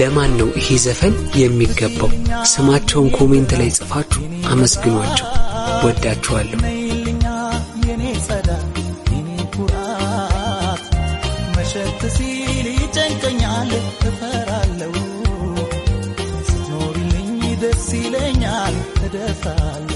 ለማን ነው ይሄ ዘፈን የሚገባው? ስማቸውን ኮሜንት ላይ ጽፋችሁ አመስግኗቸው። ወዳችኋለሁ። ደስ ይለኛል እደፋለሁ